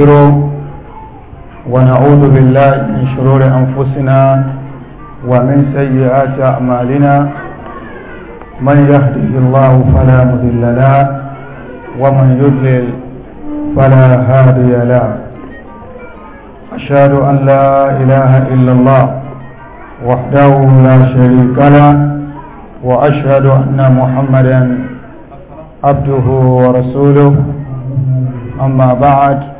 نستغفره ونعوذ بالله من شرور أنفسنا ومن سيئات أعمالنا من يهده الله فلا مذل له ومن يضلل فلا هادي له أشهد أن لا إله إلا الله وحده لا شريك له وأشهد أن محمدا عبده ورسوله أما بعد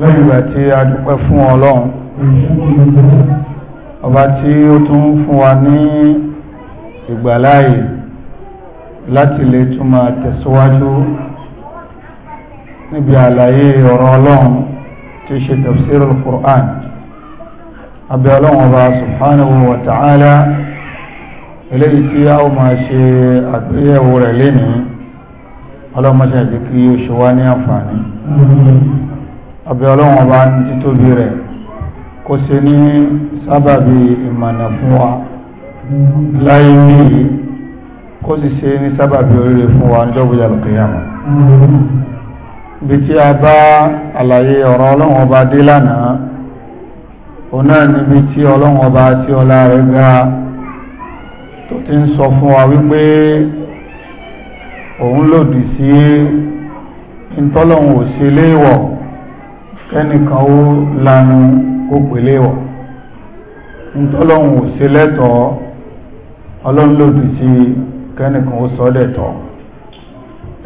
lẹ́yìnbà tí a dúpẹ́ fún ọlọ́run ọba tí ó tún fún wa ní ìgbàláyè láti lè tún máa tẹ̀síwájú níbi àlàyé ọ̀rọ̀ ọlọ́run tí ṣe tafsirul Qur'an abẹ́ ọlọ́run ọba subhanahu wa ta'ala eléyìí tí a ó máa ṣe àgbéyẹ̀wò rẹ̀ lénìí ọlọ́run mọ́ṣẹ́ ìdíkí ó ṣe wá ní àǹfààní àbí ọlọ́run ọba ní títóbi rẹ̀ kó ṣe ní sábàbí ìmọ̀nà fún wa láyé níyì kó sì ṣe ní sábàbí oríire fún wa níjọ́gbé alùkìyàmù ibi tí a bá àlàyé ọ̀rọ̀ ọlọ́run ọba dé lánàá òun náà níbi tí ọlọ́run ọba tí ọlá rẹ̀ ga tó ti ń sọ fún wa wípé òun lòdì sí ìtọ́lọ́run ò ṣe léèwọ̀ kẹ́nìkan ó lanu kó pèlè wọ̀ ntọ́lọ́hún ò sí kẹ́nìkan ó sọ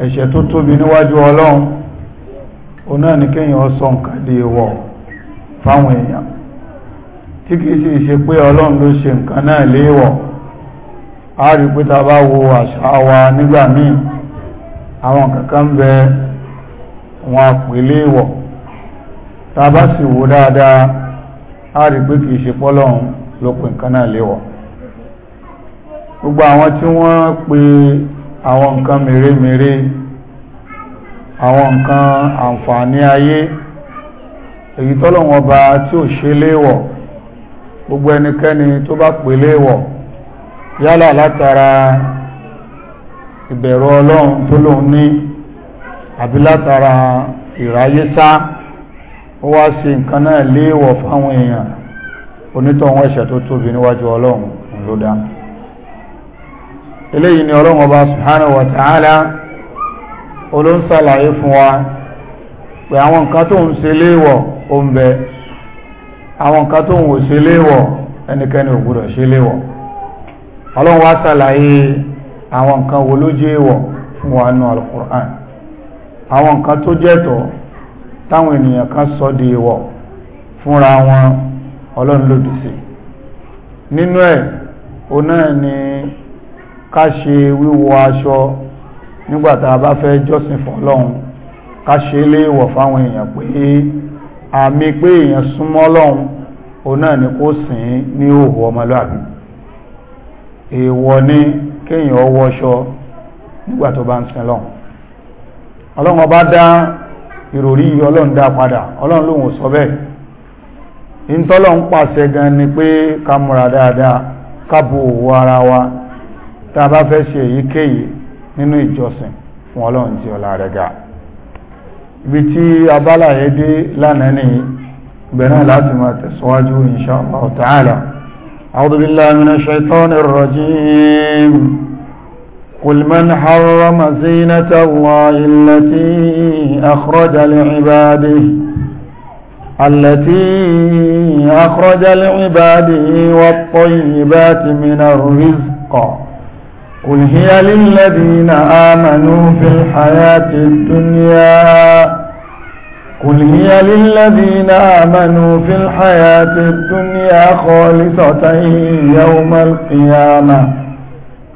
ẹ̀ṣẹ̀ tó tóbi níwájú ọlọ́run ó náà ní kéèyàn sọ nǹkan wọ̀ fáwọn èèyàn tí kìí sì ṣe pé ọlọ́run ló ṣe nǹkan náà léèwọ̀ a rí pé tàbá sì wò dáadáa a rí pé kìí ṣe pọ́lọ́hun ló pè nǹkan náà léwọ̀ gbogbo àwọn tí wọ́n pe àwọn nǹkan mèremère àwọn nǹkan àǹfààní ayé èyí tọ́lọ̀wọ̀n ọba tí ò ṣe léwọ̀ gbogbo ẹnikẹ́ni tó bá pè léwọ̀ yálà látara ìbẹ̀rù ọlọ́run tó lóun ní àbí látara ìráyé sáà ó wá sí nǹkan náà léèwọ̀ fáwọn èèyàn onítọ̀hún ẹ̀ṣẹ̀ tó tóbi níwájú ọlọ́run ló dá eléyìí ni ọlọ́run ọba wa ta'ala olóńsàlàyé fún wa pé àwọn nǹkan tó ń ṣe léèwọ̀ ó ń bẹ àwọn nǹkan tó ń wò ṣe léèwọ̀ ẹnikẹ́ni ò gbúdọ̀ ṣe léèwọ̀ ọlọ́run wá sàlàyé àwọn nǹkan wo ló jẹ́ èèwọ̀ fún wa nínú alukur'an àwọn táwọn ènìyàn kan sọ di ìwọ̀ fúnra wọn ọlọ́run lòdì sí nínú ẹ̀ o náà ni ká ṣe wíwọ aṣọ nígbàtà bá fẹ́ jọ́sìn fún ọlọ́run ká ṣe lé ìwọ̀ fáwọn èèyàn pé àmì pé èèyàn súnmọ́ ọlọ́run o náà ni kó sìn ní òhù ọmọlúàbí èèwọ̀ ni kéèyàn ọwọ́ṣọ nígbà tó bá ń sin ọlọ́run ọlọ́run ọba dá ìròrí ọlọ́run dá padà ọlọ́run lóhun sọ bẹ́ẹ̀ ìntọ́lọ́ ń pàṣẹ gan ni pé ká múra dáadáa kábò òwò ara wa tá a bá fẹ́ ṣe èyíkéyìí nínú ìjọsìn fún ọlọ́run tí ọlá rẹ̀ ga ibi tí abala yẹ dé lánàá nìyí bẹ̀rẹ̀ láti máa tẹ̀síwájú insha Allah ta'ala a'udhu billahi minash shaitanir rajim قل من حرم زينة الله التي أخرج لعباده التي أخرج لعباده والطيبات من الرزق قل هي للذين آمنوا في الحياة الدنيا قل هي للذين آمنوا في الحياة الدنيا خالصة يوم القيامة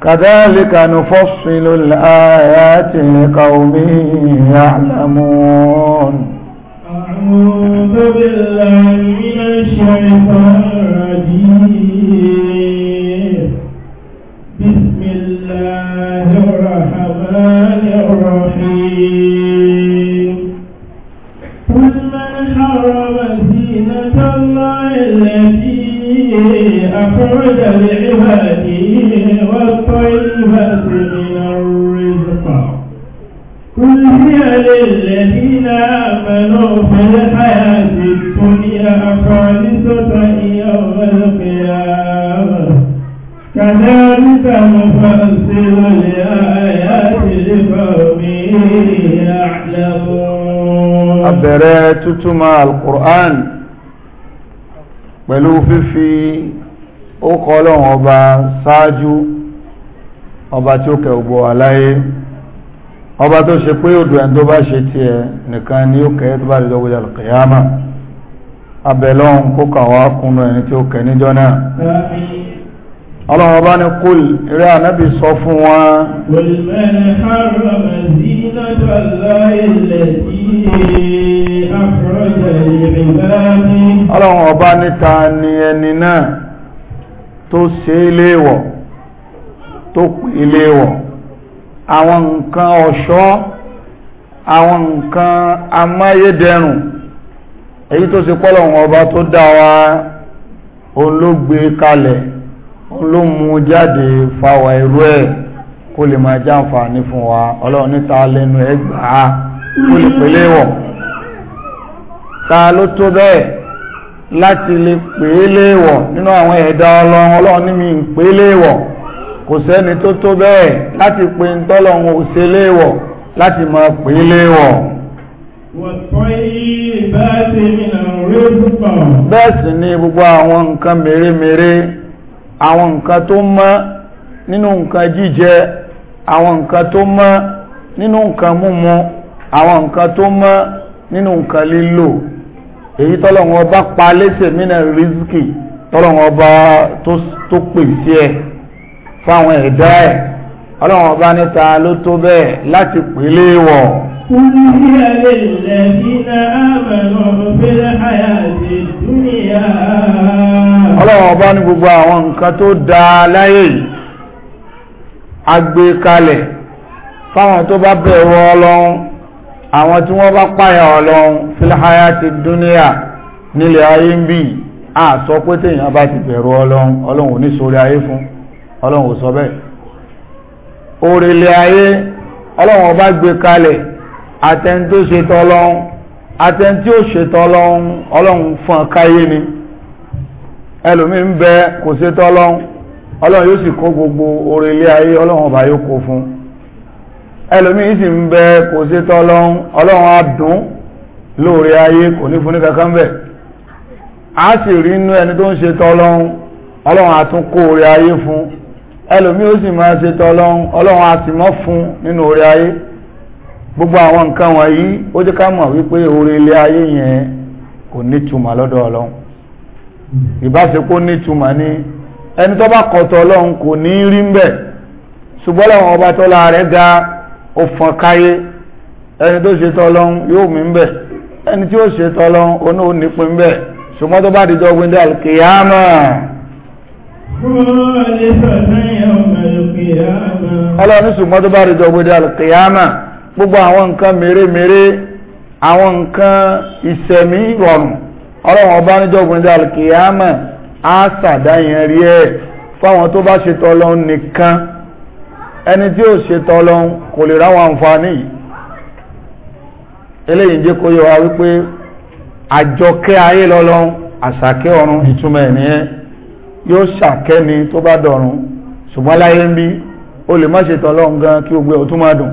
كذلك نفصل الآيات لقوم يعلمون أعوذ بالله من الشيطان الرجيم بسم الله الرحمن الرحيم قل من حرم زينة الله التي أخرج لعباده والطيبات من الرزق قل هي للذين آمنوا في الحياة الدنيا خالصة يوم القيامة كذلك نفصل الآيات لقوم يعلمون أبرأ تتمى القرآن pẹ̀lú fífi ó kọ́ lọ́wọ́ ọba ṣáájú ọba tí ó kẹ ògbò aláyé ọba tó ṣe pé òdò ẹni tó bá ṣe tiẹ̀ nìkan ni ó kẹ tó bá lè lọ́wọ́ yàrá kìyàmà abẹ́lọ́n kó kà wá kúnnú ẹni tí ó kẹ níjọ́ náà ọlọ́run ọba ní kúl eré ànábì sọ fún wọn. ọlọ́run ọba níta ni ẹni náà tó ṣe é tó pè léwọ̀ àwọn nǹkan ọ̀ṣọ́ àwọn nǹkan amáyédẹrùn èyí tó ṣe pọ́lọ̀ wọn ọba tó dá wa òun kalẹ̀ òun jáde fáwà irú ẹ̀ kó lè máa jàǹfààní fún wa ọlọ́run níta lẹ́nu ẹgbàá kó lè ta ló tó bẹ́ẹ̀ láti lè pè é nínú àwọn ẹ̀dá ọlọ́run ọlọ́run ní mi kò sẹ́ni tó tó bẹ́ẹ̀ láti pe ń tọ́lọ̀un òṣè léèwọ̀ láti máa pè é léèwọ̀ ni gbogbo àwọn nǹkan mèremère àwọn nǹkan tó mọ́ nínú nǹkan jíjẹ àwọn nǹkan tó mọ́ nínú nǹkan múmu àwọn nǹkan tó mọ́ nínú nǹkan lílò èyí tọ́lọ̀un ọba pa mínà rìsíkì ọba tó ẹ̀ fáwọn ẹ̀dá ẹ̀ ọlọ́run ọba níta ló tó bẹ́ẹ̀ láti pèlé wọ̀. ọlọ́run ọba ní gbogbo àwọn nǹkan tó dáa láyé yìí agbékalẹ̀ fáwọn tó bá bẹ̀rù ọlọ́run àwọn tí wọ́n bá páyà ọlọ́run fíláhàyà ti dúníà nílẹ̀ ayé ń bì á sọ pé téèyàn bá ti bẹ̀rù ọlọ́run ọlọ́run ò ní sórí ayé fún ọlọ́run ò sọ bẹ́ẹ̀ òrèlè ayé ọlọ́run ọba gbé kalẹ̀ àtẹni tó ṣe tọ́lọ́run àtẹni tí ó ṣe tọ́lọ́run ọlọ́run fún káyé ni ẹlòmí ń bẹ kò ṣe tọ́lọ́run ọlọ́run yóò sì kó gbogbo òrèlè ayé ọlọ́run ọba yóò kó fún ẹlòmí sì ń bẹ kò ṣe tọ́lọ́run ọlọ́run á dùn lóore ayé kò ní fún ní kankan bẹ́ẹ̀ a sì rí inú ẹni tó ń ṣe tọ́lọ́run ọlọ́run á tún ayé fún ẹlòmí ó sì máa ṣe tọ́lọ́run ọlọ́run a sì mọ́ fún nínú orí ayé gbogbo àwọn nǹkan wọ̀nyí ó jẹ́ ká mọ̀ wípé orí ilé ayé yẹn kò nítumọ̀ lọ́dọ̀ ọlọ́run ìbáṣepọ̀ ni ẹni tó bá kọ̀tọ̀ ọlọ́run kò ní rí ń bẹ̀ ṣùgbọ́n lọ́wọ́n ọba tọ́lá rẹ̀ ga ó fọn káyé ẹni tó ṣe tọ́lọ́run yóò mí ń bẹ̀ ẹni tí ó ṣe ọlọ́run sùn mọ́tò bá rí jọgbé dá gbogbo àwọn nǹkan mèremère àwọn nǹkan ìṣẹ̀mí rọrùn ọlọ́run ọba ní jọgbé dá kìyàmà á sàdáyẹn rí ẹ̀ fáwọn tó bá nìkan ẹni tí ó kò lè ráwọn àǹfààní yìí eléyìí jẹ́ kó yọ wípé àjọkẹ́ ayé lọ́lọ́run àṣàkẹ́ ọ̀run ìtumọ̀ ẹ̀ yóò ṣàkẹ́ni tó bá dọ̀run ṣùgbọ́n láyé ń bí o lè má ṣe tọ́lọ́run gan kí gbogbo ọ̀tún má dùn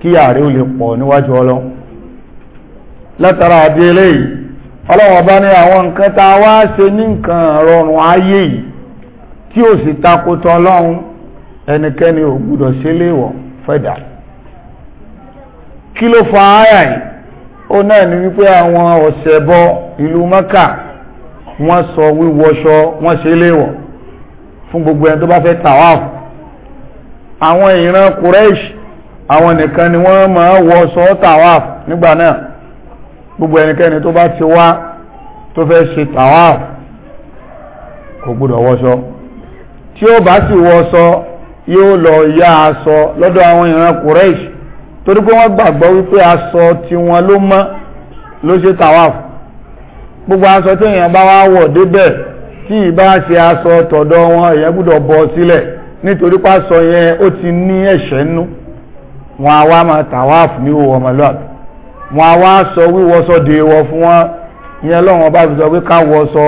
kí ààrẹ o lè pọ̀ níwájú ọlọ́run látara àdí eléyìí ọlọ́run ọba ní àwọn nǹkan tá a wá ṣe ní nǹkan rọrùn ayé yìí tí ò sì tako tọ́lọ́run ẹnikẹ́ni ò gbúdọ̀ ṣe léèwọ̀ fẹ́dà kí ló fa áyà yìí ó náà ní wípé àwọn ọ̀sẹ̀ bọ ìlú mọ́kà wọ́n sọ wíwọṣọ wọ́n ṣe léwọ̀ fún gbogbo ẹni tó bá fẹ́ tawaf àwọn ìran Quraysh àwọn nìkan ni wọ́n máa wọṣọ tawaf nígbà náà gbogbo ẹnikẹ́ni tó bá ti wá tó fẹ́ ṣe tawaf kò gbọdọ̀ wọṣọ tí ó bá sì wọṣọ yóò lọ yá aṣọ lọ́dọ̀ àwọn ìran Quraysh torí pé wọ́n gbàgbọ́ wípé aṣọ tiwọn ló mọ́ ló ṣe tawaf gbogbo aṣọ tí èèyàn bá wá wọ̀ débẹ̀ tí ìbá ṣe aṣọ tọ̀dọ̀ wọn èèyàn gbúdọ̀ bọ́ sílẹ̀ nítorí pásọ yẹn ó ti ní ẹ̀ṣẹ̀ nú wọn a wá máa tàwáàfù ní owó ọmọlúwàbí wọn a wá sọ wíwọṣọ dèèwọ̀ fún wọn ìyẹn lọ́wọ́n ọba fi sọ pé ká wọṣọ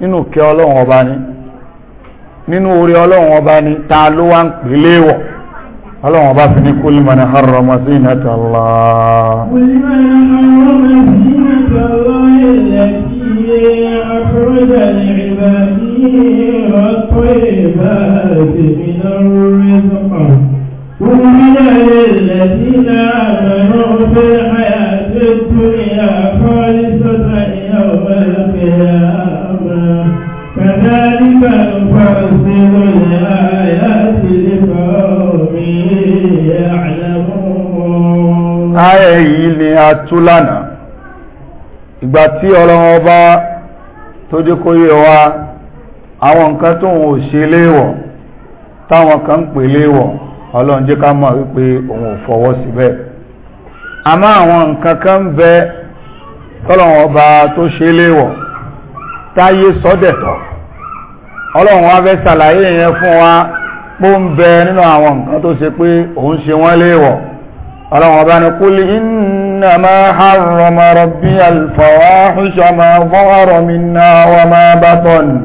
nínú kẹ́ ọlọ́wọ́n ọba ni nínú orí ọlọ́wọ́n ọba ni ta ló wá ń pè léèwọ̀ ọlọ́wọ́n ọba fi ní kúlì mọ́ni harrama zinata Allah. kúlì mọ́ni harrama zinata Allah. الذي أخرج لعباده والطيبات من الرزق ومن للذين آمنوا في الحياة الدنيا خالصة يوم القيامة كذلك نفصل الآيات لقوم يعلمون. آية ni a ìgbà tí ọlọ́run ọba tó wa àwọn nǹkan tó ń ṣe léèwọ̀ táwọn kan ń pè léèwọ̀ ọlọ́run jẹ́ ká mọ̀ wípé òun ò fọwọ́ àmọ́ àwọn nǹkan kan ń bẹ ọba tó ṣe léèwọ̀ táyé sọ́dẹ̀tọ̀ ọlọ́run ṣàlàyé ألو أبان قل إنما حرم ربي الفواحش ما ظهر منا وما بطن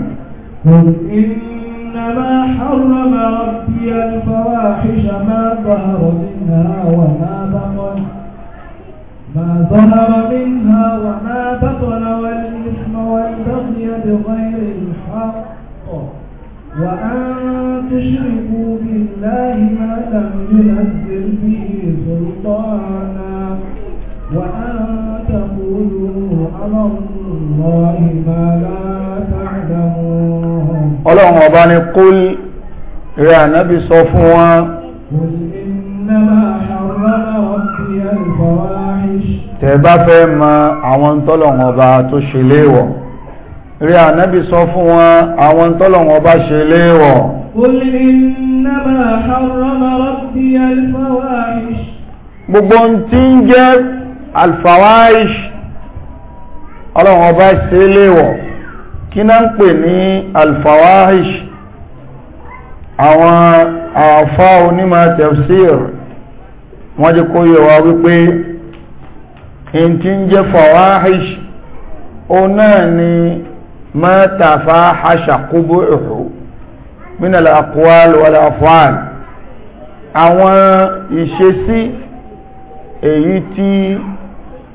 إنما حرم ربي الفواحش ما ظهر منا وما بطن ما ظهر منها وما بطن والإثم والبغي بغير الحق وأن تشركوا بالله ما لم ينزل به ọlọ́run ọba ni kúl rẹ̀ ànábì sọ fún wọn tẹ́ bá fẹ́ mọ àwọn tọ́lọ̀run ọba tó ṣe léèwọ̀ rẹ̀ ànábì sọ fún wọn àwọn tọ́lọ̀run ọba ṣe léèwọ̀ gbogbo tí ń jẹ́ alfawaish ọlọ́run ọba ṣe léwọ̀ kí náà ń pè ní alfawahish àwọn àfá onímọ̀ tafsir wọ́n jẹ́ kó yẹ wa wípé in ti ń jẹ́ fawahish o náà ni ma tafahasha qubuhu min al-aqwal wal àwọn ìṣesí èyí tí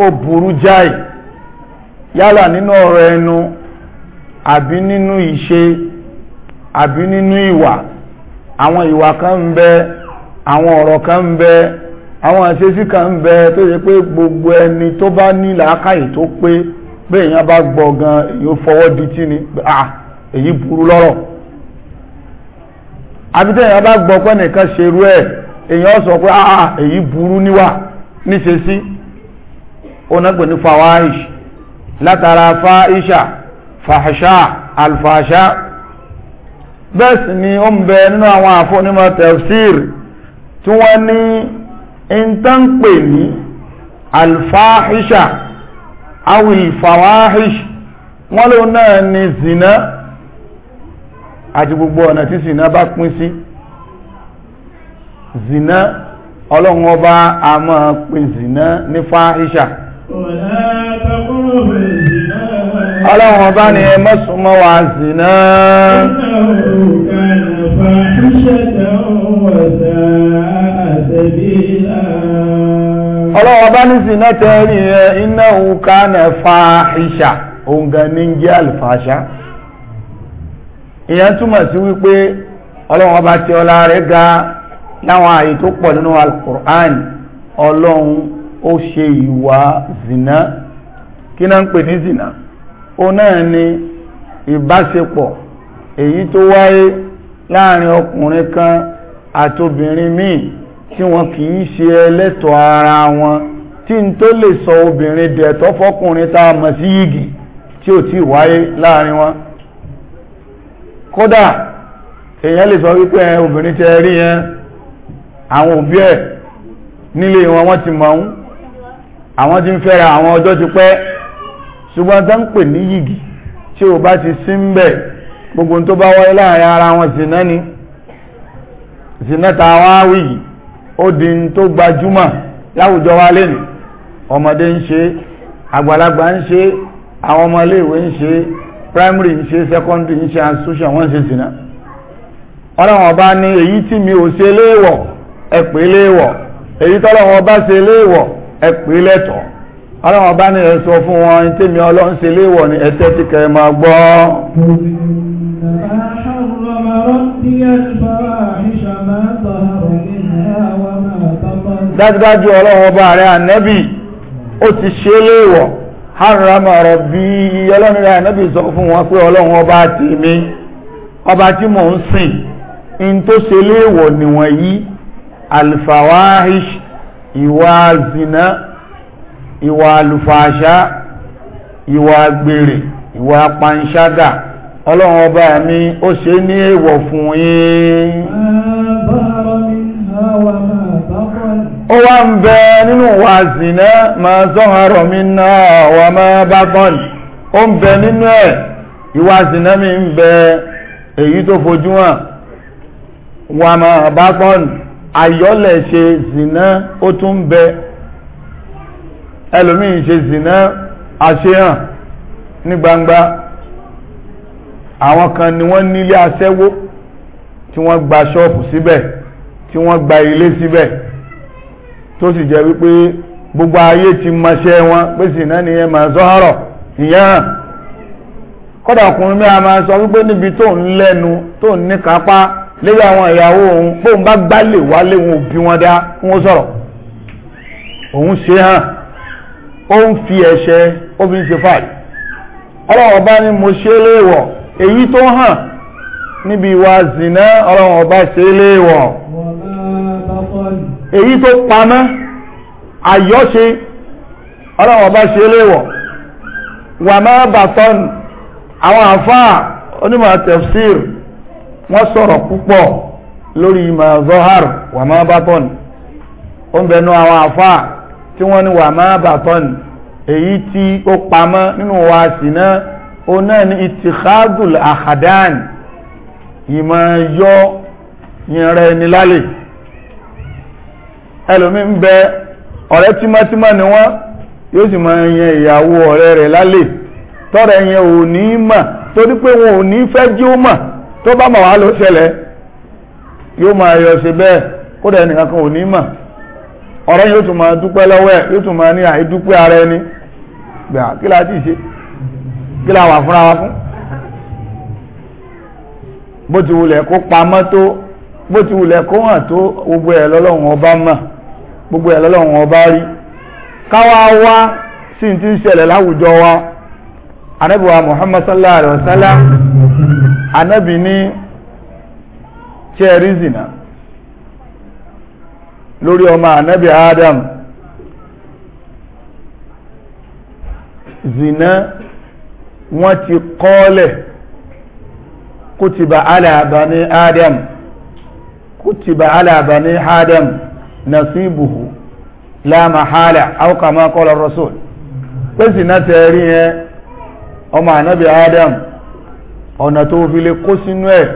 ó burú jáì yálà nínú ọ̀rọ̀ ẹnu àbí nínú ìṣe àbí nínú ìwà àwọn ìwà kan ń bẹ àwọn ọ̀rọ̀ kan ń bẹ àwọn àṣesí kan ń bẹ tó yẹ pé gbogbo ẹni tó bá ní làákàyè tó pé pé èèyàn bá gbọ́ gan èèyàn fọwọ́ di tí ni ah èyí burú lọ́rọ̀ àbí tẹ́yàn bá gbọ́ pé nìkan ṣerú ẹ̀ èèyàn sọ pé ah èyí burú níwà níṣe sí ó náà pè ní fawaish látara fáíṣà fàṣà alfàṣà bẹ́ẹ̀ sì ni ó ń bẹ nínú àwọn àfọ́nímọ̀ tafsir tí wọ́n ní ìntánpè ní alfáíṣà awilfawahish wọ́n ló náà ni zina àti gbogbo ọ̀nà tí zina bá pín sí zina ọlọ́run ọba a máa pín zina ní fáíṣà ọlọ́run ọba ni ẹ mọ́sùnmọ́ wa zìnà ọlọ́run ọba ní zìnà tẹ́rí ẹ iná òkà nà fàáhíṣà òǹgà ní jẹ́ alfàṣà ìyẹn túmọ̀ sí wípé ọlọ́run ọba tí ọlá rẹ̀ ga láwọn àyè tó pọ̀ nínú alkùrán ọlọ́run ó ṣe ìwà zìnà kí náà ń pè ní zina ó náà ni ìbáṣepọ̀ èyí tó wáyé láàrin ọkùnrin kan àtobìnrin míì tí wọn kì í ṣe ẹlẹ́tọ̀ ara wọn tí n tó lè sọ obìnrin dẹ̀tọ́ fọkùnrin tá a mọ̀ sí yìgì tí ò tí wáyé láàrin wọn kódà sọ wípé obìnrin rí yẹn àwọn òbí nílé wọn ti mọ̀ àwọn ti ṣùgbọ́n ń pè ní yìgì tí o bá ti sí ń bẹ̀ gbogbo tó bá wáyé láàrin ara wọn zìnà ni zìnà ta wá wì ó di ń tó gbajúmọ̀ láwùjọ wa lẹ́nu ọmọdé ń ṣe àgbàlagbà ń ṣe àwọn ọmọléèwé ń ṣe primary ń ṣe secondary ń ṣe association wọ́n ṣe zìnà ọlọ́wọ́n bá ní èyí tí mi ò ṣe léèwọ̀ ẹ léèwọ̀ èyí tọ́lọ́wọ́n bá ṣe léèwọ̀ ẹ lẹ́tọ̀ọ́ ọlọ́wọ̀n bá ní ẹ̀sọ fún wọn tèmi ọlọ́run ṣe léèwọ̀ ní ẹ̀tẹ́ tí kẹ máa gbọ́ dájúdájú ọlọ́wọ̀n bá rẹ̀ ànẹ́bì ó ti ṣe léèwọ̀ harama rabbi ọlọ́run rẹ̀ ànẹ́bì sọ fún wọn pé ọlọ́run ọba ti mi ọba tí mò ń sìn in tó ṣe léèwọ̀ nìwọ̀nyí alfawahish ìwà zina ìwà alùfàṣá ìwà gbèrè ìwà panṣágà ọlọ́run ọba mi ó ṣe ní èèwọ̀ fún yín ó wá ń bẹ wa zìnà ma zọ́hárọ̀ mi náà wà máa bá kọ́n ó ń bẹ nínú ẹ̀ ìwà zìnà mi ń bẹ èyí tó máa bá kọ́n àyọ́lẹ̀ ṣe zìnà ó ẹlòmíì ṣe zìnà àṣehàn ní gbangba àwọn kan ni wọ́n nílé aṣẹ́wó tí wọ́n gba ṣọ́ọ̀pù síbẹ̀ tí wọ́n gba ilé síbẹ̀ tó sì jẹ́ wípé gbogbo ayé ti mọṣẹ́ wọn pé zìnà nìyẹn máa zọ́hárọ̀ ìyẹn hàn kọ́dà ọkùnrin mi a máa sọ wípé níbi tó ń lẹ́nu tó ń níkápá lórí àwọn ìyàwó òun bóun bá gbálè wálé wọn òbí wọn dá wọn sọ̀rọ̀ òun ṣe hàn ó ń fi ẹ̀ṣẹ̀ ó ọla ṣe ọba ni mo ṣe léèwọ̀ èyí tó hàn níbi ìwà zìnà ọlọ́run ọba ṣe léèwọ̀ èyí tó pamọ́ àyọ́ṣe ọlọ́run ọba ṣe léèwọ̀ wà máa bàtọ́n àwọn àfáà onímọ̀ tafsir wọ́n sọ̀rọ̀ púpọ̀ lórí ìmọ̀ zohar wà máa bàtọ́n ó ń bẹnu àwọn tí wọ́n ní wà máa bàtọ́n èyí tí ó pamọ́ nínú wa sì náà ó náà ní itikadul ahadan ìmọ̀ yọ yìnrẹ̀ ni lálẹ́ ẹlòmí ń bẹ ọ̀rẹ́ tímọ́tímọ́ ni wọ́n yóò sì máa yan ìyàwó ọ̀rẹ́ rẹ̀ lálẹ́ tọ́rẹ̀ yẹn ò ní mọ̀ torí pé wọn ò ní fẹ́ jí ó mọ̀ tó bá mọ̀ wá ló ṣẹlẹ̀ yóò máa yọ sí bẹ́ẹ̀ kódà ẹnìkan kan ò ní mọ̀ ọ̀rọ̀ yóò tún ma dúpẹ́ lọ́wọ́ ẹ̀ yóò tún ma ní àìdúpẹ́ ara ẹni gbà kí la ti ṣe kí la wà fún bó ti wulẹ̀ kó pamọ́ tó bó gbogbo ẹ̀ ọba mà gbogbo ẹ̀ lọ́lọ́run wa wa Muhammad sallallahu alaihi zina lórí ọmọ ànábì Adam zina wọ́n ti ala bani Adam kútìbà ala la mahala aw kama rasul pé zina tẹ̀rí yẹn ọmọ ànábì Adam ọ̀nà tó fi lè kó sínú ẹ̀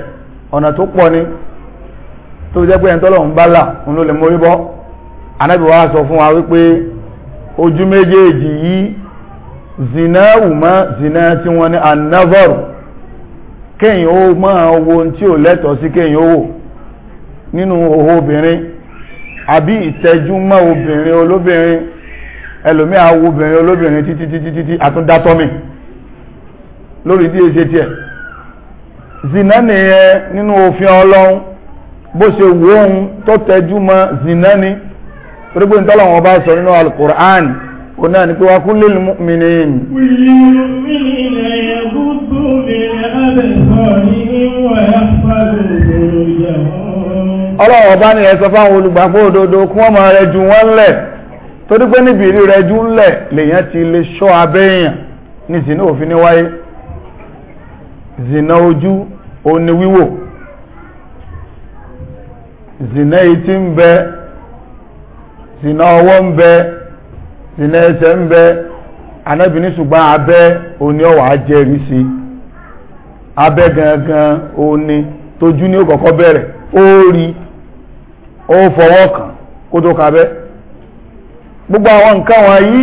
ọ̀nà tó tó jẹ́ pé ẹ̀ńtọ́lọ̀ ń bá là òun ló mórí bọ́ anábì sọ fún wa wípé ojú méjèèjì yìí zina wùmọ́ zina tí wọ́n ní anavor kéyìn ó máa wo tí ò lẹ́tọ̀ọ́ sí kéyìn ó nínú òhò obìnrin àbí ìtẹ́jú mọ́ obìnrin olóbìnrin ẹlòmí àwọn obìnrin olóbìnrin títí títí títí àtúndátọ́mì lórí díẹ̀ bó ṣe wò ohun tó tẹjú mọ́ zina ni torí pé nítorí àwọn ọba sọ nínú alukur'an ó náà ni pé wá kún lílù mìíní ni. ọlọ́wọ́ bá ní ẹ fáwọn olùgbàgbọ́ òdodo kí wọ́n máa rẹjú wọn lẹ̀ torí pé níbi ìrí rẹjú ńlẹ̀ lèèyàn ti lè ṣọ́ abẹ́yàn ní zina òfin ní zina ojú òní wíwò zina eti ń zina ọwọ́ ń bẹ zina ẹsẹ̀ ń bẹ Ànábì ní ṣùgbọ́n abẹ́ òní ọ̀wà ajẹ́rìí sí gangan òní toju ní òkọ̀kọ́ bẹ̀rẹ̀ ó rí ó fọwọ́ kàn kó gbogbo àwọn nǹkan wọ̀nyí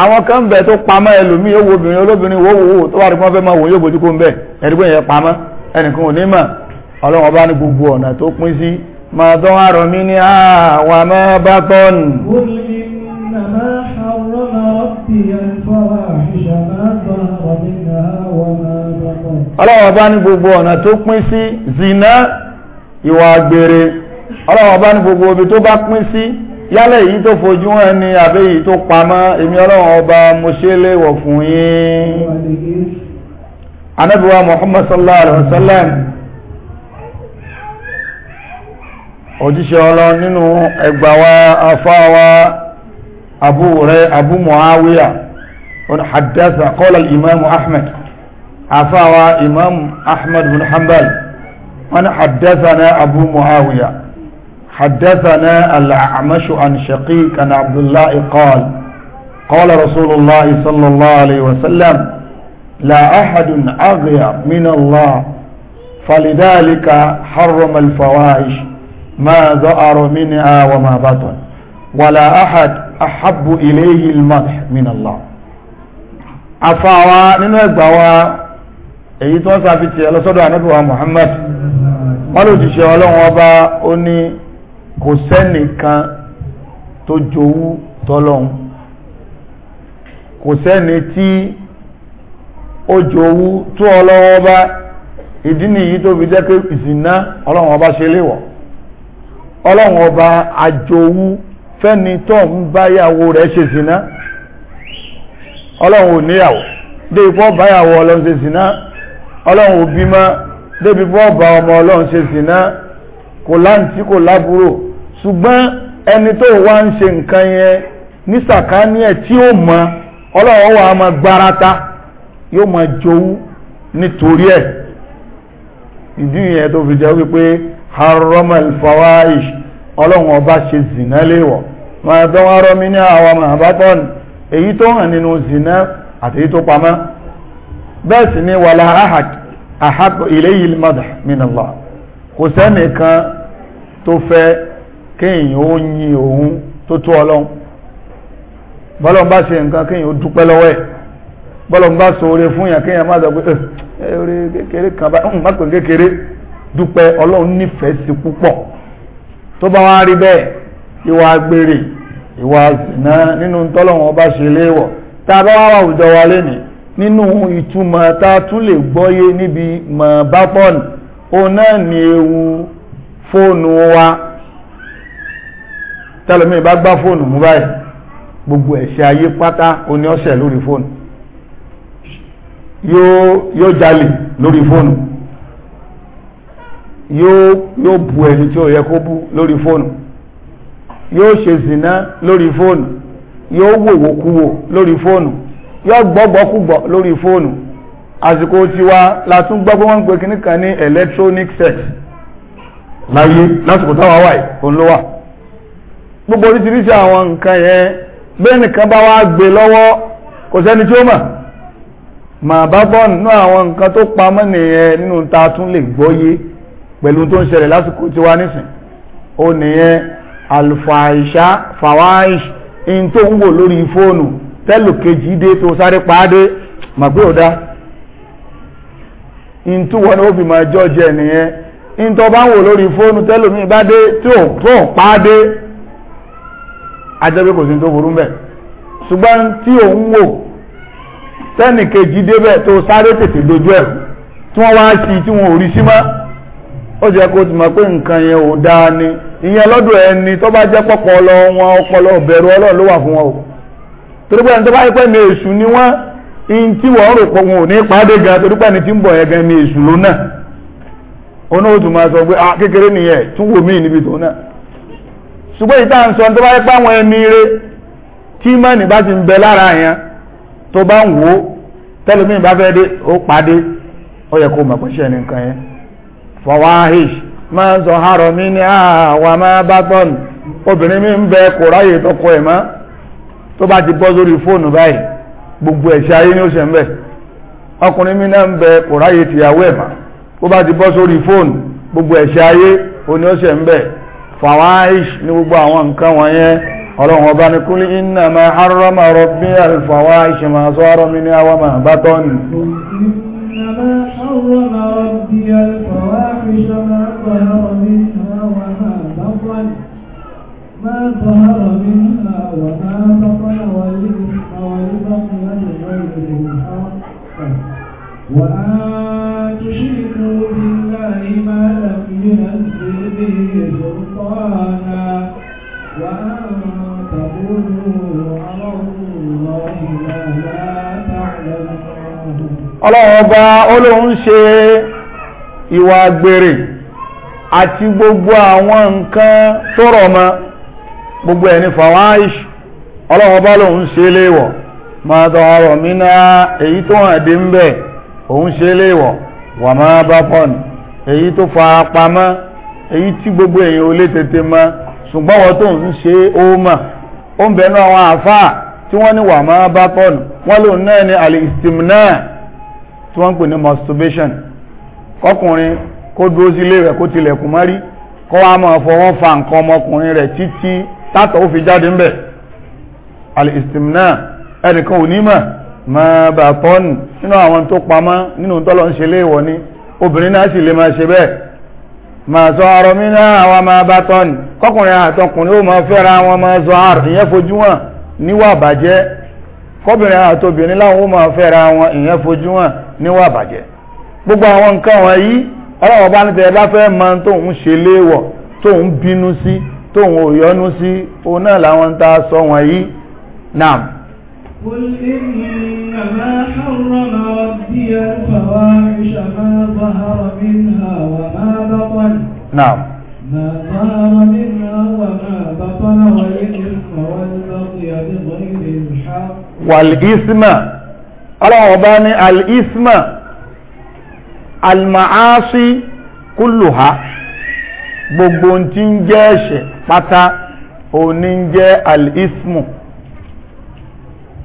àwọn kan bẹ̀ tó pamọ́ ẹlòmíì owó obìnrin olóbìnrin wò wò tó wà rí ma fẹ́ máa wò yóò bójú kó ń bẹ̀ ẹ̀rí pé yẹn pamọ́ ẹnìkan ò ní mọ̀ ọlọ́run ọba ní gbogbo ọ̀nà tó pín sí ما ظهر منها وما بطن قل إنما حرم ربي الفواحش ما ظهر منها وما بطن ọlọ́wọ́ bá ní gbogbo ọ̀nà tó pín sí zina ìwà àgbèrè ọlọ́wọ́ bá ní gbogbo ibi tó bá pín sí yálẹ̀ èyí tó fojú hàn ní àbí èyí tó pamọ́ èmi ọlọ́wọ́ ọba mo ṣe léèwọ̀ fún yín anábíwá Muhammad sallallahu alaihi òjíṣẹ́ olo nínú ẹgbà wa afa wa abu rẹ̀ abu muawiya on hadatha qala al imam ahmad afa wa imam ahmad bin hanbal wani hadathana abu muawiya حدثنا الأعمش عن شقيق عن عبد الله قال قال رسول الله صلى الله عليه وسلم لا أحد اغيا من الله فلذلك حرم الفواحش ما ظهر منها وما بطن ولا أحد أحب إليه المدح من الله أفاوى nínú ẹgbà wa èyí tó ń Muhammad wọ́n ló ti ṣe ọlọ́run ọba ó ní kò sẹ́nìkan tó jowú tọ́lọ́run kò sẹ́ni tí ó jowú tó ọlọ́run ọlọ́run ọba àjòwú fẹ́ni tó ń báyàwó rẹ̀ ṣe sìná ọlọ́run ò níyàwó débìbọ́ báyàwó ọlọ́run ṣe sìná ọlọ́run ò ma débìbọ́ ọba ọmọ ọlọ́run ṣe kò láǹtí kò lábúrò ṣùgbọ́n ẹni tó wá ń ṣe nǹkan yẹn ní sàkání ẹ̀ tí ó mọ ọlọ́run wà á yóò harrama alfawahish ọlọ́run ọba ṣe zina léwọ̀ ma dánwárọ́ mi ní àwọn àbátọ́n èyí tó hàn nínú zina àti èyí tó pamọ́ bẹ́ẹ̀ sì ni wàlá àhàkù ilayhi almadh min Allah kò sẹ́nìkan tó fẹ́ kéèyàn ó yin òun tó tó ọlọ́run bọ́lọ́n bá ṣe nǹkan kéèyàn ó dúpẹ́ lọ́wọ́ ẹ̀ bọ́lọ́n bá sọ oore fún yàn kéèyàn má sọ pé eh, eh, kékeré kan bá ń hmm, má pè kékeré dúpẹ́ ọlọ́run nífẹ̀ẹ́ sí púpọ̀ tó bá wá rí bẹ́ẹ̀ ìwà agbèrè ìwà zìnà nínú tọ́lọ́run ọba ṣe léèwọ̀ tá bá wá àwùjọ wa lénìí nínú ìtumọ̀ tá a tún lè gbọ́yé níbi mọ̀ bá pọ̀nù òun náà ni ewu fóònù wa tẹ́lẹ̀mí bá gbá fóònù mú báyìí gbogbo ẹ̀ṣẹ̀ ayé pátá oní ọ̀sẹ̀ lórí fóònù yóò jalè lórí fóònù yóò bu ẹni tí ó yẹ kó bú lórí fóònù yóò ṣe zina lórí fóònù yóò wòwòkúwò lórí fóònù yóò gbọ́gbọ́kúgbọ̀ lórí fóònù àsìkò tiwa la tún gbọ́ pé wọ́n ń pe kíní kan ní electronic sex láyé lásìkò táwa wà wà gbogbo oríṣiríṣi àwọn nǹkan yẹn bẹ́ẹ̀ nìkan bá wá gbé lọ́wọ́ kò sẹ́ni tí ó mọ̀ màá bá bọ́ pẹ̀lú tó ń ṣẹlẹ̀ lásìkò tí wá nísìn ó nìyẹn alfàìṣá fàwáìṣ in tó ń wò lórí fóònù tẹ́lù kejì dé tó sáré pàdé màgbé ọ̀dá in tó wọ́n ni ó fi máa jọ́jẹ́ nìyẹn in tó bá ń wò lórí fóònù tẹ́lù mi bá dé tí ò tó pàdé ajẹ́bí kò sí tó burú mbẹ̀ ṣùgbọ́n tí ò ń wò tẹ́nì kejì débẹ̀ tó sáré tètè dojú ẹ̀rù tí wọ́n wá sí tí wọ́n ò sí mọ́ ó jẹ́ kó ti mọ̀ pé nǹkan yẹn ò dáa ni ìyẹn lọ́dọ̀ ẹni tó bá jẹ́ pọ̀pọ̀ ọlọ wọn ọpọlọ ọ̀bẹ̀rù ọlọ́run ló wà fún wọn o torí pé ẹni tó bá yẹ pé ní èṣù ni wọn in tí wọ́n rò pọ̀ wọn ò ní pàdé gan torí pé ah kékeré nìyẹn tún wò níbi tó náà ṣùgbọ́n ìta ń sọ tó bá yẹ pé àwọn ẹni rẹ tí bá ti ń bẹ lára fawahish ma zahara minha wa ma batan obìnrin mi ń bẹ kò tọkọ tó bá ti bọ́ gbogbo ẹ̀ṣẹ̀ ayé ni ó ṣe ń bẹ ọkùnrin mi náà ń bẹ tìyàwó tó bá gbogbo ẹ̀ṣẹ̀ ayé òní ó ṣe ń bẹ fawahish ní gbogbo àwọn nǹkan wọ̀nyẹn ọlọ́run ọba ní kúlí ma إنما حرم ربي الفواحش ما ظهر منها وما بطن ما ظهر منها وما بطن والإثم والبغي بغير الحق وأن تشركوا بالله ما لم ينزل به سلطانا وأن تقولوا على الله لا ọlọ́run ọba olóhun ṣe ìwà àgbèrè àti gbogbo àwọn nǹkan tó rọ̀ ma gbogbo ẹni fàwáìṣ ọlọ́run ọba olóhun ṣe léèwọ̀ ma tọ́ mi èyí tó hàn dé ń bẹ̀ òun ṣe léèwọ̀ wà máa bá pọ̀n èyí tó pamọ́ èyí gbogbo tètè ṣùgbọ́n wọ́n tó ṣe ó mà ó ń bẹ̀nu tí wọ́n ní wà máa bá tọ́nù wọ́n lòun náà ni al-istimna tí wọ́n ń pè ní masturbation kọkùnrin kó dúró sílé rẹ̀ kó tilẹ̀kùn mọ́rí kó wá máa fọwọ́ fa nǹkan ọmọkùnrin rẹ̀ títí tátọ̀ ó fi jáde ńbẹ̀ al-istimna ẹnìkan ò ní mọ̀ máa bá tọ́nù nínú àwọn tó pamọ́ nínú tọ́lọ́ ń ṣe léèwọ̀ ni obìnrin náà sì lè máa ṣe bẹ́ẹ̀ máa sọ ọ̀rọ̀ náà àwọn máa bá tọ́nù kọkùnrin àtọkùnrin ó máa fẹ́ra wọn máa sọ àrùn ìyẹn fojú wọn níwà bàjẹ́ kọ́bìnrin àtòbìnrin láwọn ó máa fẹ́ra wọn ìyẹn fojú wọn níwà bàjẹ́ gbogbo àwọn nǹkan wọn yìí ọlọ́wọ́ bá ní tẹ́ bá fẹ́ mọ ṣe léèwọ̀ tóun bínú sí tóun ò sí òun náà sọ wọn ما ظهر منها والإثم والبغي بغير الإثم المعاصي كلها gbogbo tí ń jẹ́ ẹ̀ṣẹ̀ pátá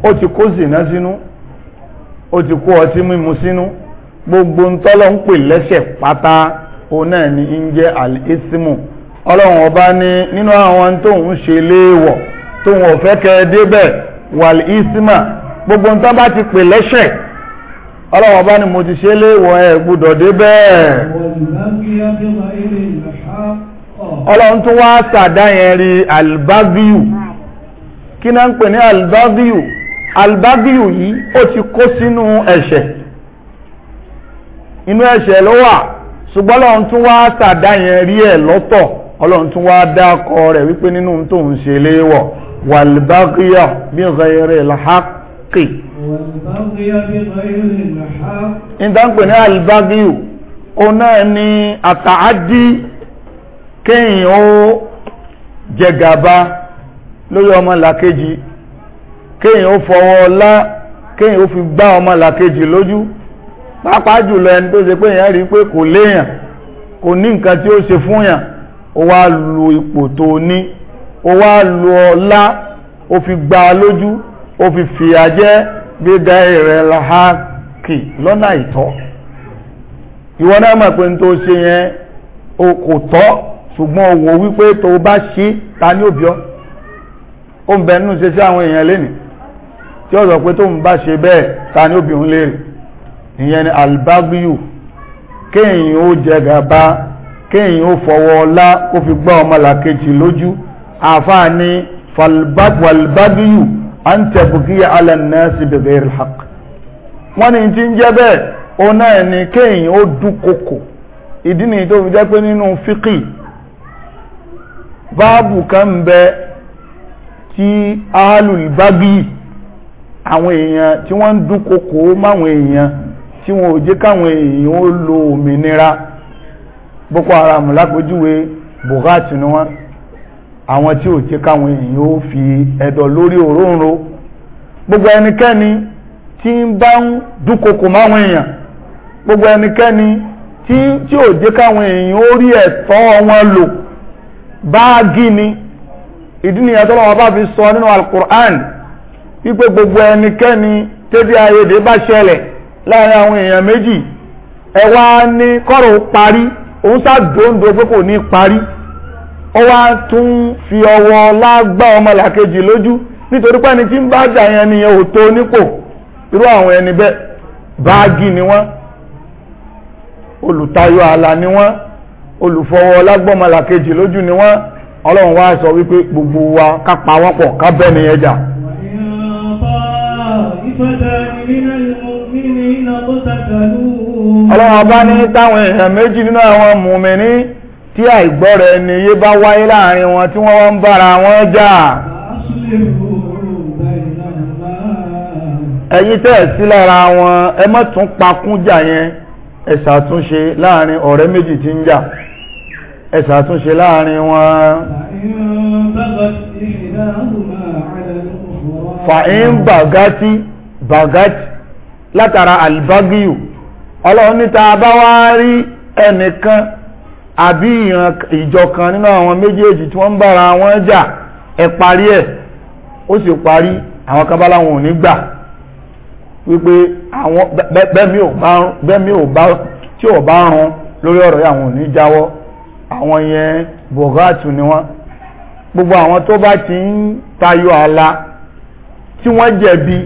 al ti kó zìnà sínú ó ti kó ọtí mímu sínú gbogbo ń tọ́lọ́ ń pè pátá òun náà ni ń jẹ́ al-ismu ọlọ́run ọba ní nínú àwọn tóun ṣe léèwọ̀ tóun ọ̀fẹ́ kẹ́ débẹ̀ wal-isma gbogbo ń tán bá ti pè lẹ́ṣẹ̀ ọlọ́run ọba ní mo ti ṣe léèwọ̀ ẹ̀ gbúdọ̀ débẹ̀ ọlọ́run tún wá sàdá yẹn rí albabiu kí náà ń pè ní albabiu albabiu yìí ó ti kó sínú ẹ̀ṣẹ̀ inú ẹ̀ṣẹ̀ ló wà ṣùgbọ́n ọlọ́run tún wá ṣàdá yẹn rí ẹ̀ lọ́tọ̀ ọlọ́run tún wá dákọ rẹ̀ wípé nínú tó ń ṣe léwọ̀ wàlbágíyà bí ghayri al-haqqi ìdánpẹ̀ ní albágíyù ó náà ni àtàádí kéyìn ó jẹgàba lórí ọmọ làkejì kéyìn ó fọwọ́ ọlá kéyìn ó fi gbá ọmọ làkejì lójú pàápàá jùlọ ẹni tó ṣe pé èèyàn rí pé kò léèyàn kò ní nǹkan tí ó ṣe fún yàn ó wá lo ipò tó ní ó wá lo ọlá ó fi gba lójú ó fi fìyà jẹ́ gbéga rẹ̀ láhákì lọ́nà ìtọ́ ìwọ náà mọ̀ pé tó ṣe yẹn o kò tọ́ ṣùgbọ́n o wò wípé tó bá ṣe ta ní òbí ọ́ ó ń bẹ̀ẹ́nù ṣe sí àwọn èèyàn lénìí tí ó sọ pé tó ń bá ṣe bẹ́ẹ̀ ta ní òbí òun léèrè ìyẹn ni albagiyu kéèyàn ó jẹ gàba kéèyàn ó fọwọ́ ọlá kó fi gbá ọmọlàkejì lójú àfáà ní falbagiyu an tẹ̀bùkíyà alẹ́nẹ́sì bẹ̀rẹ̀ ìrìlhàk wọ́n ní tí ń jẹ́ bẹ́ẹ̀ ó náà ni kéèyàn ó dúkokò ìdí nìyí tó fi jẹ́ pé nínú fíkì báàbù kan ń bẹ tí ahalùlbábí àwọn èèyàn tí wọ́n ń dúkokò máwọn èèyàn tí wọn ò jẹ́ káwọn èèyàn ó lo òmìnira boko haram lápójúwe bogati ni wọ́n àwọn tí ò jẹ́ káwọn èèyàn ó fi ẹ̀dọ̀ lórí òróǹro gbogbo ẹnikẹ́ni tí ń bá ń dúnkokò máwọn èèyàn gbogbo ẹnikẹ́ni tí ò jẹ́ káwọn èèyàn ó rí ẹ̀tọ́ wọn lò báàgì ni ìdí nìyẹn tó lọ́wọ́ bá fi sọ nínú alukur'an wípé gbogbo ẹnikẹ́ni tẹ́bí ayédè bá ṣẹlẹ̀ láàrin àwọn èèyàn méjì ẹwà ní kọ́rọ̀ parí òun ṣàdóńdó pé ní parí ó wá tún fi ọwọ́ lágbá ọmọ làkejì lójú nítorí pé tí ń bá jà yẹn nìyẹn ò tó nípò irú àwọn ẹni báàgì ni wọ́n olùtayọ ni wọ́n wípé gbogbo wa ká pa wọ́n ká ọlọ́wọ́ bá ní táwọn èèyàn méjì nínú àwọn mùmíní tí àìgbọ́ra ẹni yé bá wáyé láàrin wọn tí wọ́n ń bára wọn jà ẹ̀yin tẹ́ sí lára wọn ẹ pakún jà yẹn ẹ láàrin ọ̀rẹ́ méjì tí ń jà ẹ láàrin wọn fàín bàgátí bàgátí látara albagiyu ọlọ́run níta bá wá rí ẹnìkan àbí ìran ìjọ kan nínú àwọn méjèèjì tí wọ́n ń bára wọn jà ẹ parí ẹ̀ ó sì parí àwọn kan bá láwọn ò ní gbà wípé bẹ́ẹ̀mí ò bá tí ò bá run lórí ọ̀rọ̀ àwọn ò ní jáwọ́ àwọn yẹn bọ̀gáàtù ni wọ́n gbogbo àwọn tó bá ti ń tayọ àlà tí wọ́n jẹ̀bi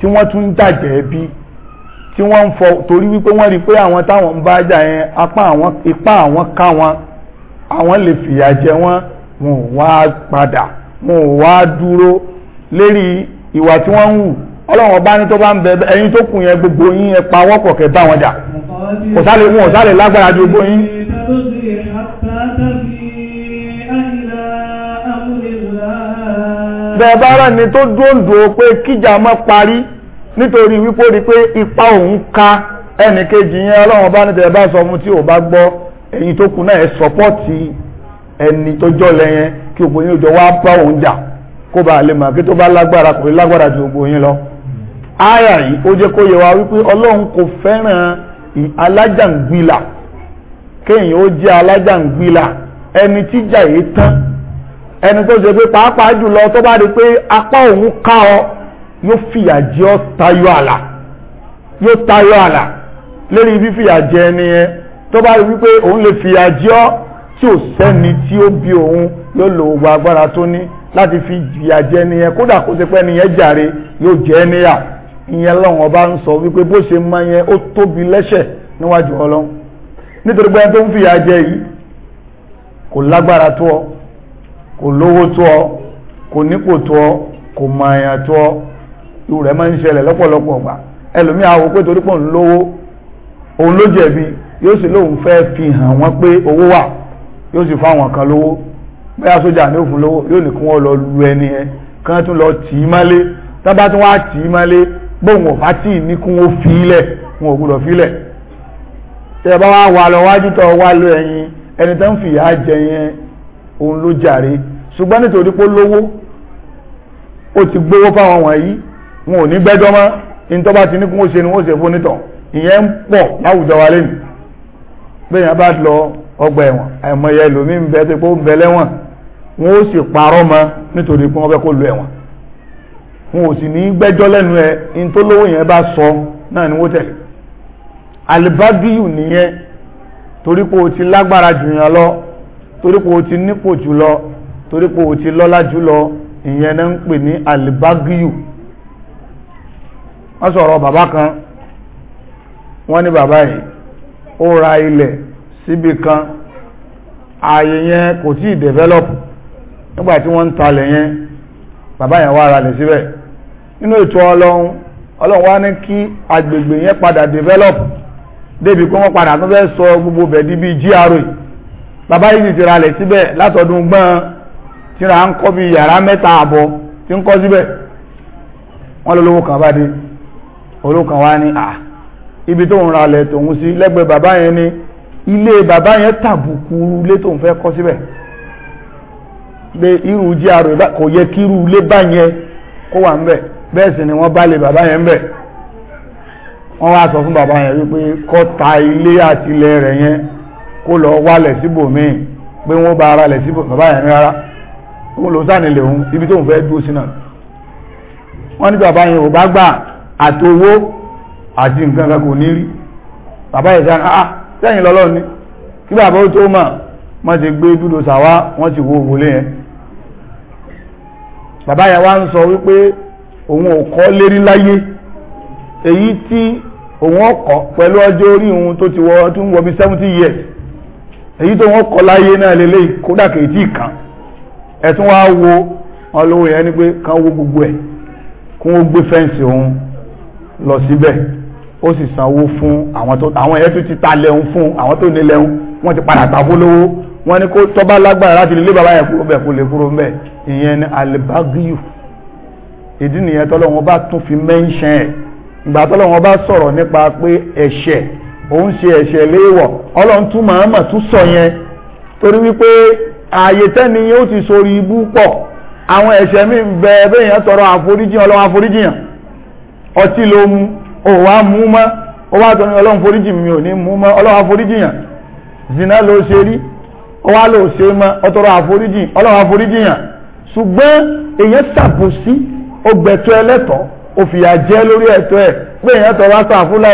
tí wọ́n tún ń tàjẹ̀bi tí wọ́n ń fọ torí wípé wọ́n rí pé àwọn táwọn ń bá jà yẹn apá àwọn ipá àwọn ká wọn àwọn lè fìyà jẹ wọn wọn ò wá padà wọn ò wá dúró lérí ìwà tí wọ́n ń hù ọlọ́run ọba ní tó bá ń bẹ ẹ̀yin tó kù yẹn gbogbo yín ẹ pa wọ́pọ̀ kẹ́ bá wọn jà ọ̀sálẹ̀ wọn ọ̀sálẹ̀ lágbára ju gbogbo yín. bẹ́ẹ̀ bá rẹ̀ ni tó dóńdó pé kíjà mọ́ parí nítorí wípé rí pé ipa òun ká ẹnìkejì yẹn ọlọ́run bá nítorí bá sọ fún tí ò bá gbọ́ ẹ̀yin tó kù náà ẹ̀ sọpọ́ọ̀tì ẹni tó jọlẹ̀ yẹn kí òpó yín òjò wá bá òun jà kó bá lè mà kí tó bá lágbára kò lágbára ju òpó yín lọ. áyà yìí ó jẹ́ kó yẹ wa wípé ọlọ́run kò fẹ́ràn alájàngbìlà kéèyàn ó jẹ́ alájàngbìlà ẹni tíjà yìí tán ẹni tó ṣe pé pàápàá jùlọ tó bá di pé apá òun ká ọ yóò fìyà jẹ ọ́ tayọ àlà yóò tayọ àlà lórí fífìyà jẹ ẹni yẹn tó bá rí wípé òun lè fìyà jẹ ọ́ tí ò sẹ́ni tí ó bí òun yóò lo gbogbo agbára tó ní láti fi fìyà jẹ ẹni yẹn kódà kó ṣe pé ẹni yẹn jàre yóò jẹ ẹni yà ìyẹn lọ́wọ́n bá ń sọ wípé bó ṣe máa yẹn ó tóbi lẹ́ṣẹ̀ níwájú ọlọ́run nítorí pé ẹni tó ń fìyà yìí kò lágbára tó ọ kò lówó tó ọ kò nípò tó ọ kò mọ àyàn tó ọ irú rẹ̀ máa ń ṣẹlẹ̀ lọ́pọ̀lọpọ̀ ọgbà ẹlòmíà wo pé torí pọ̀ ń lówó òun ló jẹ̀bi yóò sì lóun fẹ́ fi hàn wọ́n pé owó wà yóò sì fáwọn kan lówó bóyá sójà ní òfin lówó yóò ní kí wọ́n lọ lu ẹni yẹn kan tún lọ tì í mọ́lé tábà tún wá tì í mọ́lé bóun ò tì í ní kí wọ́n fi ilẹ̀ wọn ò gbọdọ̀ fi ilẹ̀ tẹ́ bá wá wà lọ wájú tó wá lọ ẹ̀yìn ẹni tó ń fìyà jẹ yẹn òun ló jàre ṣùgbọ́n nítorí pé lówó ó ti gbówó fáwọn wọ̀nyí wọn ò ní gbẹ́jọ́ mọ́ ní tó bá ti ní kún ó ṣe ni wọ́n ṣe fún nítàn ìyẹn ń pọ̀ láwùjọ wa lẹ́nu bẹ́ẹ̀ yẹn bá lọ ọgbà ẹ̀wọ̀n àìmọye ẹlòmíì ń bẹ tó pé ó ń bẹ lẹ́wọ̀n wọn ó sì parọ́ mọ́ nítorí pé wọ́n fẹ́ kó lu ẹ̀wọ̀n wọn ò sì ní gbẹ́jọ́ lẹ́nu ẹ̀ ní tó lówó yẹn bá sọ náà ni wọ́n tẹ̀lé alibadiyu nìyẹn torí pé o ti lágbára jù yàn lọ torí pé o ti nípò jù lọ torí pé o ti lọ́lá jù lọ ìyẹn náà ń pè ní alibagiyu wọ́n sọ̀rọ̀ bàbá kan wọ́n ní bàbá yìí ó ra ilẹ̀ síbi kan ààyè yẹn kò tí ì develop nígbà tí wọ́n ń yẹn bàbá yẹn wá ara síbẹ̀ nínú ètò ọlọ́run ọlọ́run wá ní kí agbègbè yẹn padà develop débi pé wọ́n padà tó sọ gbogbo bẹ̀ di bí GRA bàbá yìí ti ra síbẹ̀ látọdún gbọ́n tíra ń kọ́ bí yàrá mẹ́ta àbọ̀ tí ń kọ́ síbẹ̀ wọ́n olókan wá ní à ah, ibi tó ń ra alẹ̀ tòun sí lẹ́gbẹ̀ẹ́ bàbá yẹn ní ilé bàbá yẹn tàbùkù ilé tó ń fẹ́ kọ́ síbẹ̀ pé irú jí arò kò yẹ kí irú ilé bá yẹn kó wà ń bẹ̀ bẹ́ẹ̀ sì ni wọ́n bá lè bàbá yẹn ń bẹ̀ wọ́n wá sọ fún bàbá yẹn wípé kó ta ilé àti ilẹ̀ rẹ̀ yẹn kó lọ wálẹ̀ síbòmíì pé wọ́n bá ara lẹ̀ síbòmíì bàbá yẹn rárá wọ́n lọ sáà òun ibi tó ń fẹ́ dúró sí náà wọ́n ní bàbá yẹn ò bá gbà àti owó àti nǹkan kan kò ní rí bàbá ìjà ní àá sẹ́yìn lọ́lọ́ ni kí bàbá ó tó ma wọ́n ti gbé dúdú sàwá wọ́n ti wo òwòlé yẹn bàbá yẹn wá ń sọ wípé òun ò kọ́ láyé èyí tí òun ọkọ̀ pẹ̀lú ọjọ́ orí òun tó ti wọ wọ bí 70 years èyí tó wọ́n láyé náà tí ẹ̀tún wá gbogbo ẹ̀ kún ó gbé fẹ́ǹsì òun lọ síbẹ̀ ó sì sanwó fún àwọn tó àwọn yẹn tó ti ta lẹ́hún fún àwọn tó ní lẹ́hún wọ́n ti padà ta fún lówó wọ́n ní kó tọ́ba lágbára láti lé bàbá yẹn kúrò bẹ̀ kó lè kúrò mbẹ̀ ìyẹn ni alibagiyu ìdí nìyẹn tọ́lọ́wọ́n bá tún fi mẹ́ńṣẹ́ ẹ̀ ìgbà tọ́lọ́wọ́n bá sọ̀rọ̀ nípa pé ẹ̀ṣẹ̀ òun ṣe ẹ̀ṣẹ̀ léèwọ̀ ọlọ́run tún màámà tún sọ yẹn torí wípé ààyè tẹ́ni yóò ti sori ibú pọ̀ àwọn ẹ̀ṣẹ̀ mi bẹ́ẹ̀ bẹ́ẹ̀ yẹn tọrọ àforíjì ọlọ́run àforíjì yẹn ọtí ló mú o wá mú mọ́ ó wá ní ọlọ́run foríjì mi ò ní mú mọ́ ọlọ́run àforíjì yàn zina ló ṣe rí ó wá ṣe mọ́ ọtọ́rọ̀ àforíjì ọlọ́run àforíjì yàn ṣùgbọ́n èèyàn ṣàbòsí ó gbẹ̀tọ́ ẹlẹ́tọ̀ọ́ ó jẹ́ lórí ẹ̀tọ́ ẹ̀ pé èèyàn tọ́ wá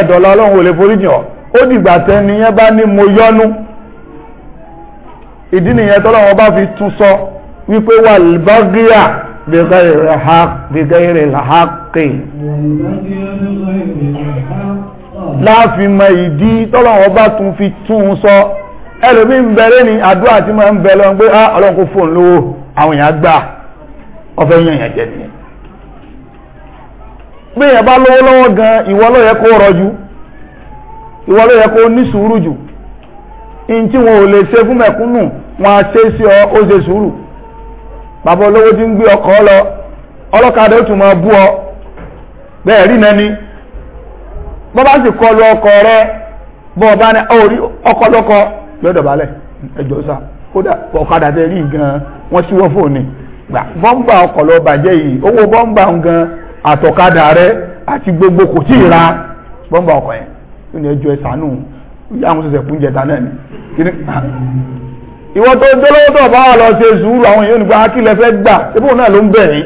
ìdọ̀lá ọlọ́run ò lè foríjì ó dìgbà yẹn bá ní mo sọ wípé wà lùbágíyà بغير حق بغير الحق láàfin mọ ìdí tọ́lọ́wọ́ fi tún sọ ẹlòmí ń bẹ̀rẹ̀ ní àdúrà tí máa ń bẹ̀ lọ pé á ah, ọlọ́run kó fóun lówó àwọn èèyàn gbà ọfẹ́ yẹ̀yàn jẹ nìyẹn bí èèyàn bá lówó lọ́wọ́ gan ìwọ ló yẹ kó rọjú ìwọ ló yẹ kó ní sùúrù jù in tí wọn ò lè ṣe fún mẹ̀kúnnù wọn á ṣe sí ọ ó ṣe sùúrù bàbá olówó ti ń gbé ọkọ̀ lọ ọlọ́kadà ó tún máa bú ọ bẹ́ẹ̀ rí náà bọ́ bá sì kọlu ọkọ̀ rẹ bọ́ ọ bá ní orí ọkọ̀ lọ́kọ̀ lọ́dọ̀ balẹ̀ ẹjọ́ sá kódà ọ̀kadà tẹ rí gan wọ́n ṣíwọ́ fóònù gbà lọ bàjẹ́ yìí owó gan àtọ̀kadà rẹ àti gbogbo kò tí ì ra ọkọ̀ yẹn ẹjọ́ ẹ̀sánú ìwọ tó dọ́lọ́wọ́ tó bá wà lọ ṣe sùúrù àwọn èèyàn nígbà akílẹ̀ fẹ́ gbà síbò náà ló ń bẹ̀ yín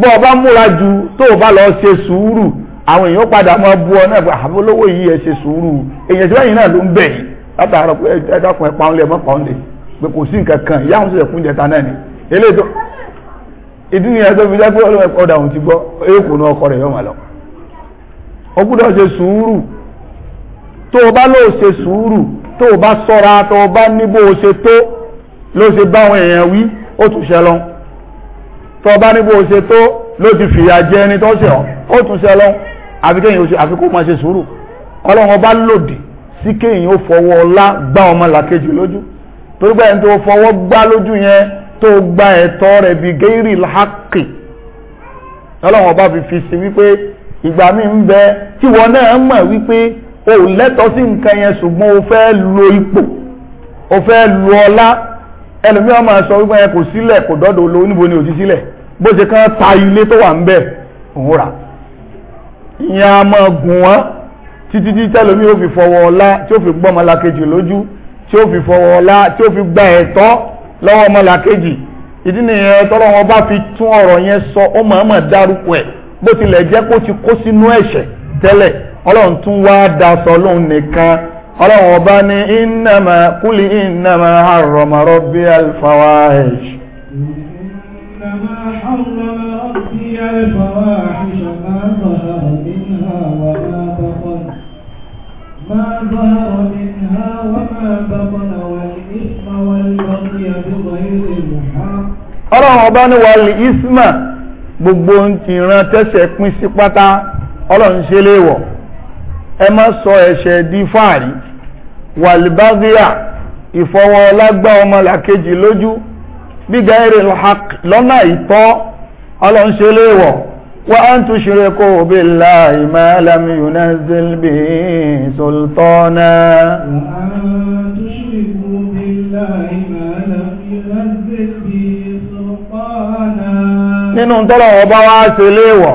bọ́ ọ bá múra ju tó bá lọ ṣe sùúrù àwọn èèyàn padà máa bu ọ náà pé àbólówó yìí ẹ ṣe sùúrù èèyàn tí lẹ́yìn náà ló ń bẹ̀ yín látàárọ̀ pé ẹ dákun ẹ paunlé ẹ mọ́ paunlé pé kò sí nǹkan kan ìyá àwọn sì fún jẹta náà ni eléyìí tó ìdí nìyẹn tó fi jẹ́ pé ọlọ́run ẹ̀kọ́ ọ̀dà òun ti gbọ́ èèkù náà ọkọ rẹ̀ yọ̀ màlọ́ ó tó bá sọ́ra tó bá níbò ṣe tó ló ṣe báwọn èèyàn wí ó tún ṣẹlọ tó bá níbò ṣe tó ló ti fìyà jẹ ẹni tó ṣe ọ́n ó tún ṣẹlọ àfikẹ́yìn ó ṣe àfikún ma ṣe sùúrù ọlọ́run ọba lòdì sí kéyìn ó fọwọ́ ọlá gbá ọmọ làkejì lójú torí pé ẹni tó fọwọ́ gbá lójú yẹn tó gba ẹ̀tọ́ rẹ̀ gẹ́rì láàkì ọlọ́run ọba fi fi wípé ìgbà mi ń bẹ tí wọn náà mọ̀ wípé o lẹ́tọ̀ọ́ sí nǹkan yẹn ṣùgbọ́n o fẹ́ lo ipò o fẹ́ lo ọlá ẹlòmíràn máa sọ wípé yẹn kò sílẹ̀ kò dọ́dọ̀ olówó níbo ni ò ti sílẹ̀ bó ṣe kàn ta ilé tó wà ń bẹ̀ òun rà ìyẹn a máa gùn wọ́n títí tí tẹ́lómi ó fi fọwọ́ ọlá tí ó fi gbọ́ ọmọlàkejì lójú tí ó fi fọwọ́ ọlá tí ó fi gba ẹ̀tọ́ lọ́wọ́ ọmọlàkejì ìdí nìyẹn tọ́lọ́ wọn bá fi tún ọ̀rọ̀ yẹn sọ ó mọ̀ọ́mọ̀ dárúkọ ẹ̀ bó tilẹ̀ jẹ́ kó ti kó sínú ẹ̀ṣẹ̀ tẹ́lẹ̀ ọlọ́run tún wá daṣọ lóun nìkan ọlọ́run ọba ní innama kúlì innama harrama rabbi al-fawahish innama harrama rabbi al-fawahish ma zahara minha wa ma batan ma zahara minha wa ma batan wal isma wal baghy bi ghayri al-haqq ọlọ́run ọba ní wal isma gbogbo ìran tẹ́sẹ̀ pín sí pátá ọlọ́run ṣe léèwọ̀ ẹ má sọ ẹ̀ṣẹ̀ di fáàrí wàlìbágíà ìfọwọ́ ọlágbá ọmọ làkejì lójú bíga ẹ̀rẹ̀ lọ́nà ìtọ́ ọlọ́nṣe léèwọ̀ wa an tushriku billahi ma lam yunzil bihi sultana wa nínú tọ́lọ̀ ọba wá ṣe léèwọ̀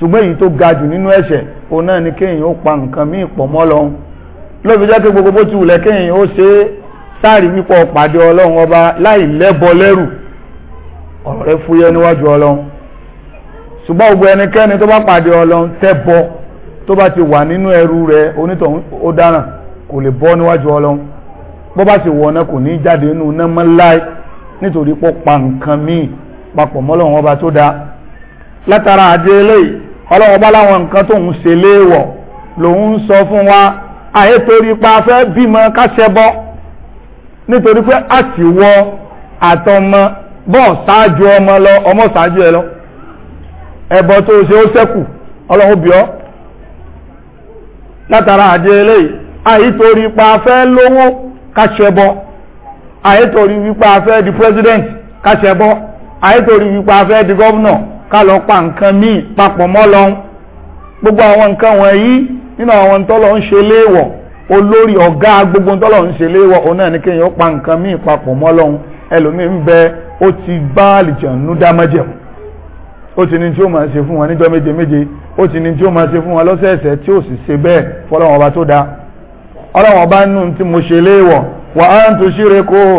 ṣùgbọ́n èyí tó ga jù nínú ẹ̀ṣẹ̀ òun náà ni kéèyàn ó pa nǹkan míì pọ̀ mọ́ lọ́hun lóbi jẹ́ pé gbogbo bó ti wùlẹ̀ kéèyàn ó ṣe é sáàrí wípọ̀ pàdé ọlọ́run ọba láì lẹ́bọ lẹ́rù ọ̀rọ̀ rẹ̀ fúyẹ́ níwájú ọlọ́run ṣùgbọ́n gbogbo ẹnikẹ́ni tó bá pàdé ọlọ́run tẹ́bọ tó bá ti wà nínú ẹrú rẹ̀ onítọ̀hún ó dáràn kò látara àdé eléyìí ọlọ́wọ́n bá láwọn nǹkan tó ń se léèwọ̀ lòun sọ fún wa àyè torí pa fẹ́ bímọ káṣẹbọ nítorí pé àtiwọ àtọmọ bọ́ ṣáájú ọmọ lọ ọmọ ṣáájú ẹ lọ ẹbọ tó ṣe ó látara àjẹ lówó ká pa nǹkan míì papọ̀ mọ́ gbogbo àwọn nǹkan yí nínú àwọn tọ́lọ̀ ń ṣe léèwọ̀ olórí ọ̀gá gbogbo tọ́lọ̀ ń ṣe léèwọ̀ òun náà ní kéèyàn pa nǹkan míì papọ̀ mọ́ ẹlòmíín bẹ ó ti ó ti ní tí ó máa ṣe fún wọn níjọ́ méje méje ó ti ní tí ó máa ṣe fún wọn lọ́sẹ̀ẹ̀sẹ̀ tí ó sì ṣe bẹ́ẹ̀ fọlọ́wọn ọba tó dáa ọlọ́wọn ọba nù tí mo ṣe léèwọ̀ wà á ń kó o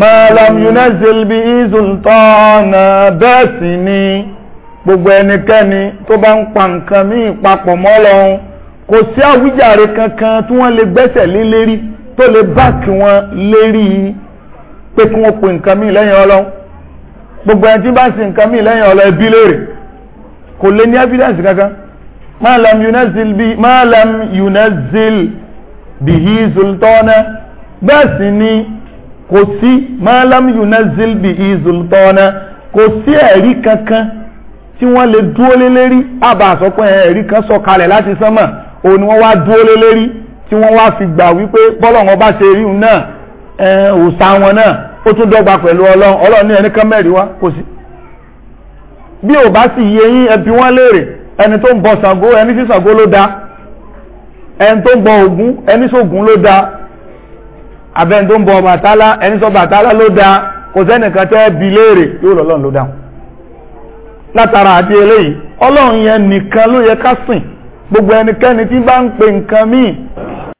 ma lam yunazil bi sultana bẹ́ẹ̀ sì ni gbogbo ẹnikẹ́ni tó bá ń pa nǹkan míì papọ̀ mọ́ Ọlọ́hun kò sí àwíjàre kankan tí wọ́n lè gbẹ́sẹ̀ lé lérí tó lè báàkì wọn lérí pé kí wọ́n pe nǹkan míì lẹ́yìn Ọlọ́hun gbogbo ẹni tí bá ń sin nǹkan míì lẹ́yìn Ọlọ́hun ẹbí léèrè kò lè ní evidence kankan ma lam yunazil bi ma lam yunazil bihi sultana bẹ́ẹ̀ sì ni kò sí malam yunazil bihi sultana kò sí ẹ̀rí kankan tí wọ́n lè dúró lé lérí àbá àsọpọ̀ ẹ̀rí kan sọ̀kalẹ̀ láti sánmà òun ni wọ́n wá dúró lé lérí tí wọ́n wá fi gbà wípé bọ́lọ̀ wọn bá ṣe rí un náà òòṣà wọn náà ó tún dọ́gba pẹ̀lú ọlọ́run ọlọ́run ní ẹnìkan mẹ́rin wá kò sí. bí ò bá sì yé yín ẹbí wọn léèrè ẹni tó ń bọ Ṣàngó ẹni tí Ṣàngó ló dáa ẹni tó ń bọ Ògún ẹni sógun ló dáa abẹ́ni tó ń bọ tẹ́ bi léèrè yóò lọ́lọ́run ló dáhùn látara àti eléyìí ọlọ́run yẹn nìkan ló yẹ ká sìn gbogbo ẹnikẹ́ni tí bá ń pe nǹkan míì